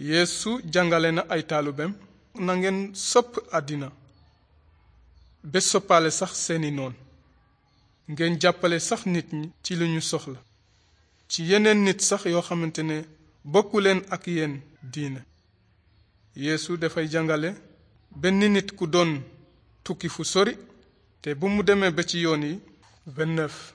yéesu jàngale na ay taalubem nangeen ngeen sopp àddina ba soppaale sax seeni noon ngeen jàppale sax nit ci lu ñu soxla ci yeneen nit sax yoo xamante ne bokkuleen ak yéen diine yéesu dafay jàngale benn nit ku doon tukki fu sori te bu mu demee ba ci yoon yi vingt